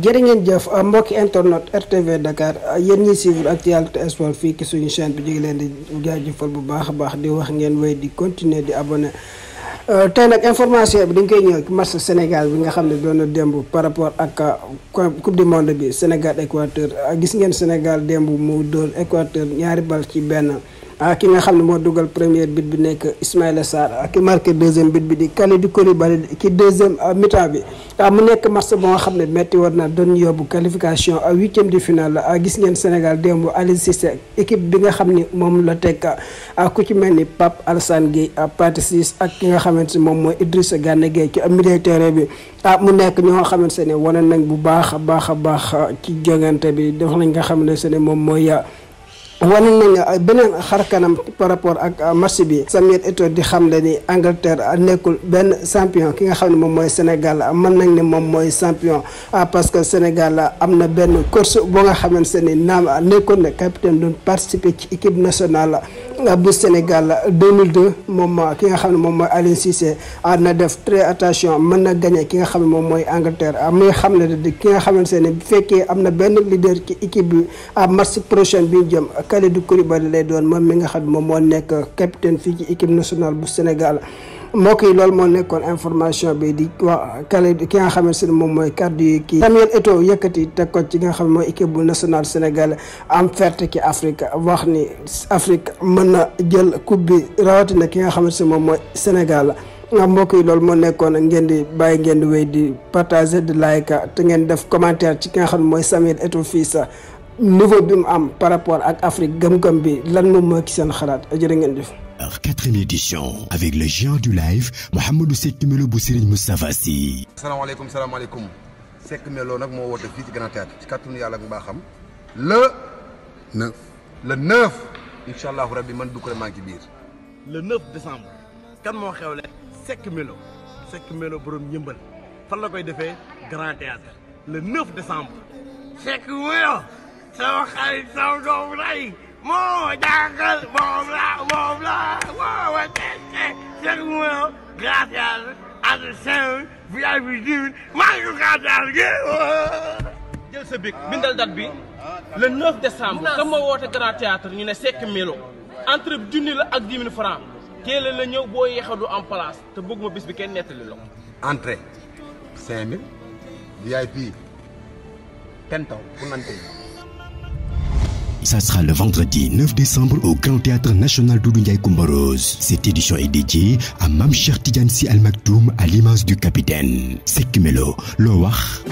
jërë jëf ah, mbokki internet RTV Dakar ah, yéen ñiy suivre actualité sport fii ki suñu chaîne bi jógi leen di jaajëfal bu baax a baax di wax ngeen wéy di continuer di abonné euh, tey nag information bi dañ koy ñëw ci Sénégal bi nga xam ne doon na par rapport ak ah, coupe du monde bi Sénégal Équateur gis ngeen Sénégal démb mu doon Équateur ñaari bal ci benn ki nga xam ne moo dugal première bit bi nekk Ismaïla Sarr ki marqué deuxième bit bi di Kalidou Koulibaly ki deuxième mi-temps bi Ah, mu nekk match boo xam ne métti war na doon yóbbu qualification à huitième de a ah, gis ngeen Sénégal démb Aliou Cissé équipe bi nga xam ni moom la a ah, ku ci mel ni Pape Alassane gi Pathé Ciss ak ki nga xamante ni moom mooy sa Gana Gueye ci milieu terrain bi ah mu nekk ñoo nga xamante ne wane nañ bu baax a baax a baax ci jongante bi dox nañ nga xam ne se moom mooy wane nañ ah, beneen kanam par rapport ak ah, match bi Samuel Eto'o di xam le ni Angleterre ah, nekkul benn champion ki nga xam ne moom mooy Sénégal mën nañ ne moom mooy champion parce que Sénégal am na benn course boo nga xamante ne naam nekkoon na capitaine doon participer ci équipe nationale bu Sénégal 2002 moment ki a xam def très attention mën gagné ki nga xam ne moom mooy xam ah, ki nga ah, ne bu que ben leader ci équipe bi à ah, match prochain bi capitaine équipe nationale bu Sénégal. mbokk yi loolu moo nekkoon information bi di waa kale ki nga xamante ne moom mooy kàddu yi kii Samuel Eto'o yëkkati teg ko ci nga xam mooy équipe bu national Sénégal am ferte ki Afrique wax ni Afrique mën na jël coupe rawatina ki nga xamante ne moom mooy Sénégal nga mbokk yi loolu moo nekkoon ngeen di bàyyi ngeen di wéy di partager di like te ngeen def commentaire ci ki nga xam ne mooy Samuel Eto'o fii sa Nouveau bim am par rapport à l'Afrique gëm-gëm bi lan moom moo ci ngeen quatrième édition avec le géant du live Mohammed sekmelo Melo bu Serigne Moustapha Sy. salam salaamaaleykum Seck Melo nag moo woote fii ci Grand Théâtre ci kàttanu yalla baxam le. neuf le neuf. inchallah allahu rabbi man du maa ngi ci bir le 9 décembre. kan mo xewle Seck Melo Seck Melo borom yëmbal fan la koy defé Grand Théâtre le 9 décembre. Sek Melo. sama xarit sama doomu ndey moo ma jàngal moom la moom la moo ma tette seen muro glacial ànd seen village bi diwit maa ngi glacial gi jël sa bic bindal date bi le 9 décembre ka ma woote grand théâtre ñu ne Seck Melo entre junni la ak dix mille francs teel la ñëw boo yeexe du am place te bëgguma bis bi kenn nettali la entrée cinq mille VIP ten taw pour nante Ça sera le vendredi 9 décembre au Grand Théâtre National d'Oudoundiaï Kumboros. Cette édition est dédiée à Mam Cher Al Maktoum à l'image du capitaine. Sekimelo, Wach.